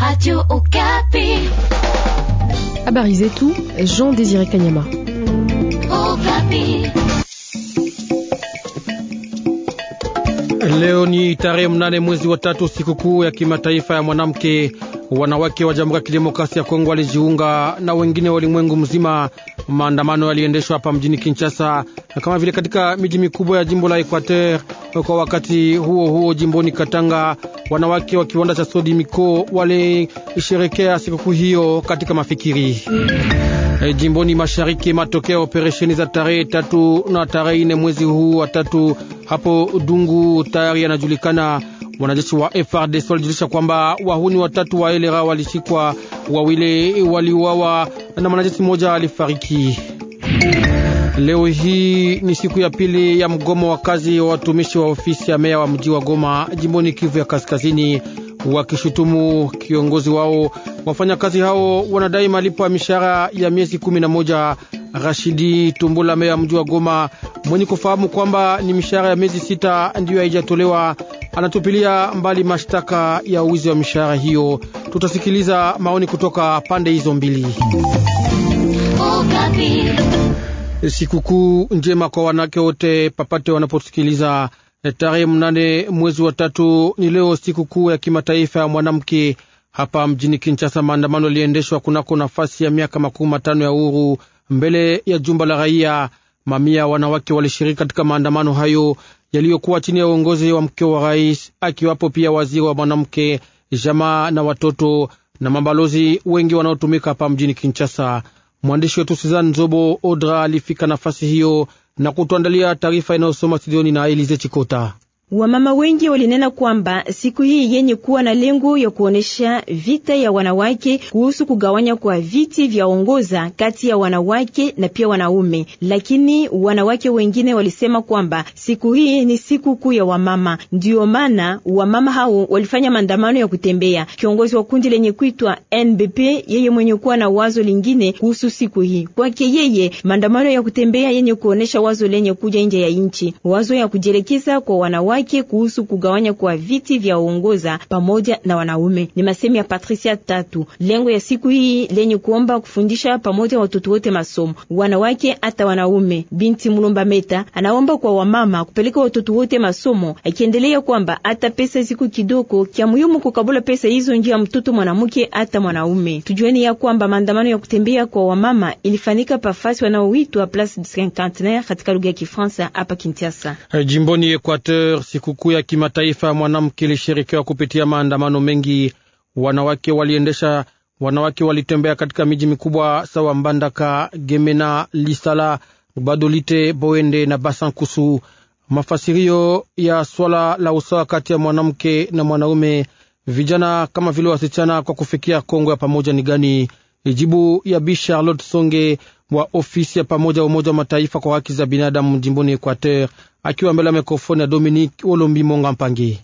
Radio Okapi. Habari zetu, Jean Désiré Kanyama. Okapi. Leo ni tarehe mnane mwezi wa tatu, sikukuu ya kimataifa ya mwanamke. Wanawake wa Jamhuri ya Kidemokrasia ya Kongo walijiunga na wengine wa ulimwengu mzima. Maandamano yaliendeshwa hapa mjini Kinshasa kama vile katika miji mikubwa ya jimbo la Equateur. Kwa wakati huo huo, jimboni Katanga, wanawake wa kiwanda cha sodi miko walisherekea sikukuu hiyo katika mafikiri. E, jimboni mashariki, matokeo ya operesheni za tarehe tatu na tarehe nne mwezi huu wa tatu hapo Dungu tayari yanajulikana. Wanajeshi wa FARDC walijulisha kwamba wahuni watatu wa elera walishikwa, wawili waliuawa na mwanajeshi mmoja alifariki. Leo hii ni siku ya pili ya mgomo wa kazi wa watumishi wa ofisi ya meya wa mji wa Goma jimboni Kivu ya Kaskazini, wakishutumu kiongozi wao. Wafanyakazi hao wanadai malipo ya mishahara ya miezi kumi na moja. Rashidi Tumbula, meya wa mji wa Goma, mwenye kufahamu kwamba ni mishahara ya miezi sita ndiyo haijatolewa anatupilia mbali mashtaka ya uwizi wa mishahara hiyo. Tutasikiliza maoni kutoka pande hizo mbili. Sikukuu njema kwa wanawake wote papate wanaposikiliza. Tarehe mnane mwezi wa tatu ni leo sikukuu ya kimataifa ya mwanamke. Hapa mjini Kinshasa, maandamano yaliendeshwa kunako nafasi ya miaka makumi matano ya uhuru mbele ya jumba la raia. Mamia wanawake walishiriki katika maandamano hayo yaliyokuwa chini ya uongozi wa mkeo wa rais, akiwapo pia waziri wa mwanamke, jamaa na watoto na mabalozi wengi wanaotumika hapa mjini Kinshasa. Mwandishi wetu Suzan zobo Odra alifika nafasi hiyo na kutuandalia taarifa inayosoma studioni na Elize Chikota. Wamama wengi walinena kwamba siku hii yenye kuwa na lengo ya kuonesha vita ya wanawake kuhusu kugawanya kwa viti vya ongoza kati ya wanawake na pia wanaume, lakini wanawake wengine walisema kwamba siku hii ni siku kuu ya wamama. ndio maana wamama hao walifanya maandamano ya kutembea. Kiongozi wa kundi lenye kuitwa NBP, yeye mwenye kuwa na wazo lingine kuhusu siku hii, kwake yeye maandamano ya kutembea yenye kuonesha wazo lenye kuja nje ya nchi, wazo ya kujielekeza kwa wanawake wanawake kuhusu kugawanya kwa viti vya uongoza pamoja na wanaume. Ni masemi ya Patricia Tatu, lengo ya siku hii lenye kuomba kufundisha pamoja watoto wote masomo, wanawake hata wanaume. Binti Mulumba Meta anaomba kwa wamama kupeleka watoto wote masomo, akiendelea kwamba hata pesa ziku kidogo kya muhimu kukabula pesa hizo njia mtoto mwanamke hata mwanaume. Tujueni ya kwamba maandamano ya kutembea kwa wamama ilifanyika pafasi wanaoitwa Place du Cinquantenaire katika lugha ya Kifaransa hapa Kinshasa, eh, jimboni Equateur sikukuu ya kimataifa mwanamke ilishirikiwa kupitia maandamano mengi. Wanawake waliendesha wanawake walitembea katika miji mikubwa sawa Mbandaka, Gemena, Lisala, Badolite, Boende na Basankusu. Mafasirio ya swala la usawa kati ya mwanamke na mwanaume, vijana kama vile wasichana, kwa kufikia Kongo ya pamoja ni gani? Ijibu ya Bi Charlotte Songe wa ofisi ya pamoja Umoja wa Mataifa kwa haki za binadamu jimboni Equateur akiwa mbele ya mikrofoni ya Dominique Olombi Monga Mpangi.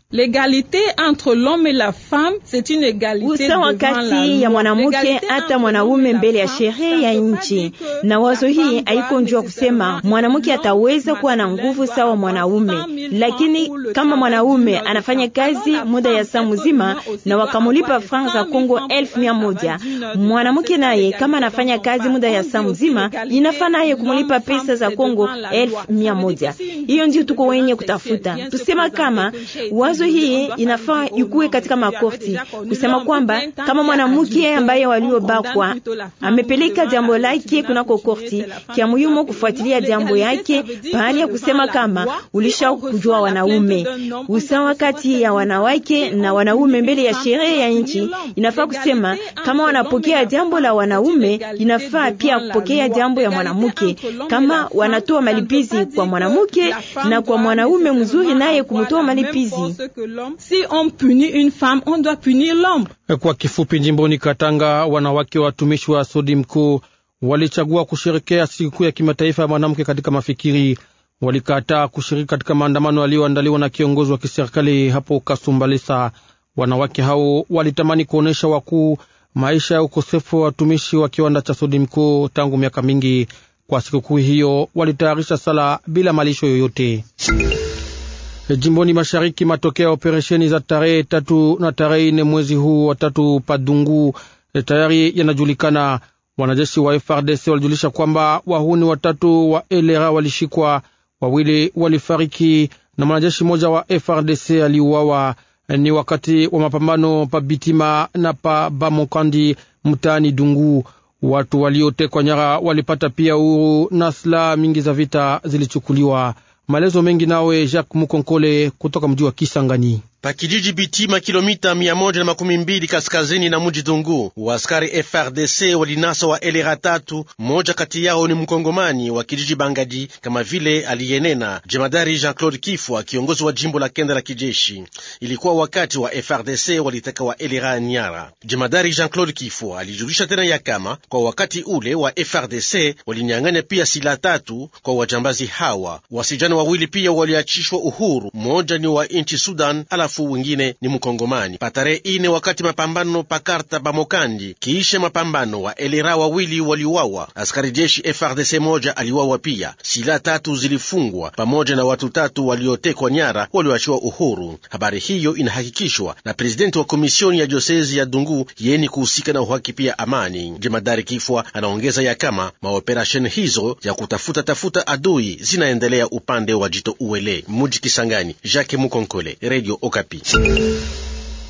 Usawa kati ya mwanamke hata mwanaume mbele ya sheria ya nchi, na wazo hii haiko njua kusema mwanamke ataweza kuwa na nguvu sawa mwanaume, lakini kama mwanaume anafanya kazi muda ya saa mzima na wakamulipa franc za Kongo elfu mia moja mwanamke naye kama anafanya kazi muda ya saa mzima mzima inafanaye kumulipa pesa za Kongo elfu mia moja. Hiyo ndio tuko wenye kutafuta. Tusema kama wazo hii inafaa ikuwe katika makorti, kusema kwamba kama mwanamke ambaye waliobakwa amepeleka jambo lake kunako korti kia muhimu kufuatilia jambo yake pahali ya kusema kama ulisha kujua wanaume usawa kati ya wanawake na wanaume mbele ya sherehe ya nchi. Inafaa kusema kama wanapokea jambo la wanaume, inafaa pia kupokea kufanya jambo ya mwanamke, kama wanatoa malipizi kwa mwanamke na kwa mwanaume mzuri, naye kumtoa malipizi. Kwa kifupi, jimboni Katanga, wanawake watumishi wa sodi mkuu walichagua kushirikia sikukuu ya kimataifa ya mwanamke katika mafikiri. Walikataa kushiriki katika maandamano yaliyoandaliwa na kiongozi wa kiserikali hapo Kasumbalesa. Wanawake hao walitamani kuonyesha wakuu maisha ya ukosefu wa watumishi wa kiwanda cha sodi mkuu tangu miaka mingi. Kwa sikukuu hiyo walitayarisha sala bila malisho yoyote. Jimboni mashariki, matokeo ya operesheni za tarehe tatu na tarehe nne mwezi huu wa tatu Padungu eh, tayari yanajulikana. Wanajeshi wa FRDC walijulisha kwamba wahuni watatu wa elera walishikwa, wawili walifariki na mwanajeshi mmoja wa FRDC aliuawa ni wakati wa mapambano pa Bitima na pa Bamokandi mtaani Dungu. Watu waliotekwa nyara walipata pia uhuru na silaha mingi za vita zilichukuliwa. Maelezo mengi nawe Jacques Mukonkole kutoka mji wa Kisangani pakijiji Bitima, kilomita mia moja na makumi mbili kaskazini na muji Dungu. Waaskari FRDC walinasa wa elera tatu, mmoja kati yao ni mkongomani wa kijiji Bangaji, kama vile aliyenena jemadari Jean-Claude Kifwa, kiongozi wa jimbo la kenda la kijeshi. Ilikuwa wakati wa FRDC waliteka wa elera nyara. Jemadari Jean-Claude Kifwa alijulisha tena ya kama kwa wakati ule wa FRDC walinyang'anya pia sila tatu kwa wajambazi hawa. Wasijana wawili pia waliachishwa uhuru, mmoja ni wa nchi Sudan alafu alafu wengine ni Mkongomani. Patarehe ine wakati mapambano pakarta pamokandi, kiisha mapambano wa elera wawili waliuawa, askari jeshi FRDC moja aliuawa pia, silaha tatu zilifungwa pamoja na watu tatu waliotekwa nyara walioachiwa uhuru. Habari hiyo inahakikishwa na presidenti wa komisioni ya josezi ya Dungu yeni kuhusika na uhaki pia amani. Jemadari Kifwa anaongeza ya kama maoperasheni hizo ya kutafuta tafuta adui zinaendelea upande wa jito Uwele, muji Kisangani. Jacques Mukonkole, Radio Okapi. Okapi.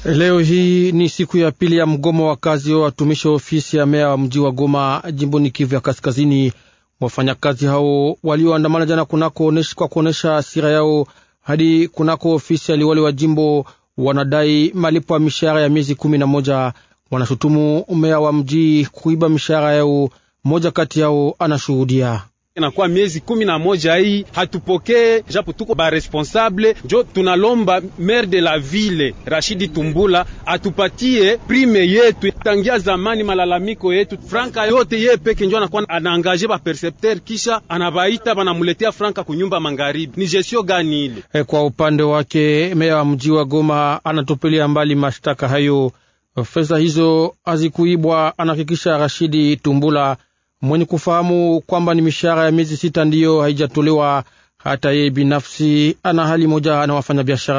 Leo hii ni siku ya pili ya mgomo wa kazi wa watumishi wa ofisi ya meya wa mji wa Goma, jimboni Kivu ya Kaskazini. Wafanyakazi hao walioandamana jana kunako kwa kuonyesha asira yao hadi kunako ofisi ya liwali wa jimbo, wanadai malipo ya mishahara ya miezi kumi na moja. Wanashutumu meya wa mji kuiba mishahara yao. Mmoja kati yao anashuhudia inakuwa miezi kumi na moja hii hatupokee, japo tuko ba responsable jo tunalomba maire de la ville Rashidi Tumbula atupatie prime yetu. Tangia zamani malalamiko yetu franka yote ye peke njo anakuwa anaangaje ba percepteur, kisha anabaita banamuletea franka kunyumba magharibi. Ni gestion gani ile? Eh, kwa upande wake meya wa mji wa Goma anatupilia mbali mashtaka hayo. Fedha hizo hazikuibwa, anahakikisha Rashidi Tumbula mwenye kufahamu kwamba ni mishahara ya miezi sita ndiyo haijatolewa. Hata yeye binafsi ana hali moja na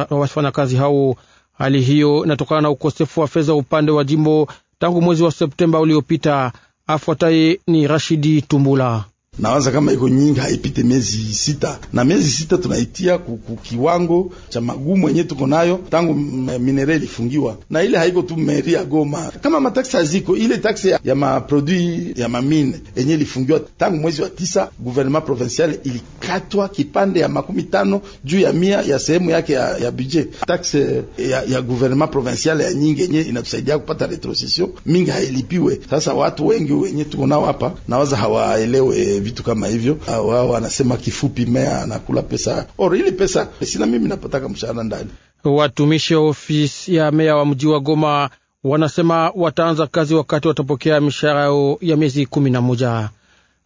wafanyakazi hao. Hali hiyo inatokana na ukosefu wa fedha upande wa jimbo tangu mwezi wa Septemba uliopita. Afuataye ni Rashidi Tumbula nawaza kama iko nyingi haipite miezi sita, na miezi sita tunaitia kukiwango cha magumu yenye tuko nayo tangu minere ilifungiwa. Na ile haiko tu meri ya Goma, kama mataksi haziko ile taksi ya maprodui ya mamine yenye ilifungiwa tangu mwezi wa tisa, gouvernement provincial ilikatwa kipande ya makumi tano juu ya mia ya sehemu yake ya, ya budget. Taksi ya, ya gouvernement provincial ya nyingi yenye inatusaidia kupata retrocession mingi hailipiwe. Sasa watu wengi wenye tuko nao hapa nawaza hawaelewe vitu kama hivyo, wao wanasema kifupi mea anakula pesa or ili pesa sina mimi napataka mshahara ndani. Watumishi wa ofisi ya meya wa mji wa Goma wanasema wataanza kazi wakati watapokea mishahara yao ya miezi kumi na moja.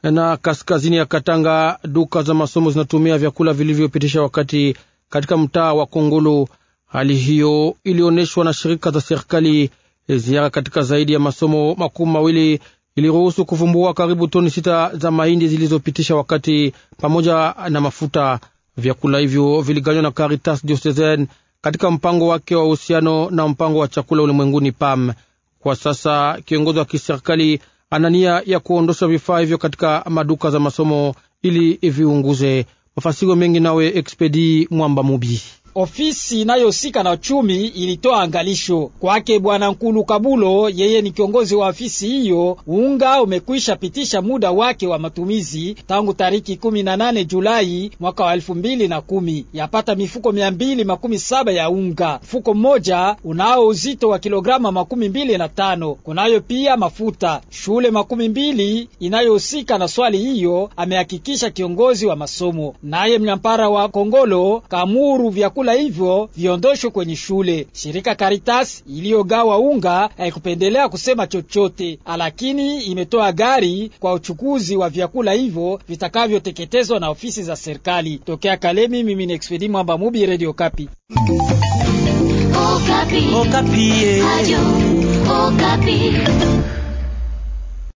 Na kaskazini ya Katanga, duka za masomo zinatumia vyakula vilivyopitisha wakati katika mtaa wa Kongolo. Hali hiyo ilionyeshwa na shirika za serikali ziara katika zaidi ya masomo makumi mawili iliruhusu kuvumbua karibu toni sita za mahindi zilizopitisha wakati pamoja na mafuta. Vyakula hivyo viliganywa na Caritas Diocesan katika mpango wake wa uhusiano na mpango wa chakula ulimwenguni PAM. Kwa sasa kiongozi wa kiserikali ana nia ya kuondosha vifaa hivyo katika maduka za masomo ili viunguze. Mafasiko mengi nawe Expedi Mwamba Mubi. Ofisi inayohusika na uchumi ilitoa angalisho kwake Bwana Nkulu Kabulo, yeye ni kiongozi wa ofisi hiyo. Unga umekwisha pitisha muda wake wa matumizi tangu tariki 18 Julai mwaka wa kumi. Yapata mifuko mbili saba ya unga, mfuko mmoja unao uzito wa kilograma makumi mbili na tano. Kunayo pia mafuta shule makumi mbili inayohusika na swali hiyo, amehakikisha kiongozi wa masomo. Naye mnyampara wa Kongolo Kamuru vyakula vyakula hivyo viondoshwe kwenye shule. Shirika Caritas iliyogawa unga haikupendelea kusema chochote, lakini imetoa gari kwa uchukuzi wa vyakula hivyo vitakavyoteketezwa na ofisi za serikali. Tokea Kalemi, mimi ni Expedi Mwamba Mubi, Radio Kapi. Okapi. Okapi. Okapi.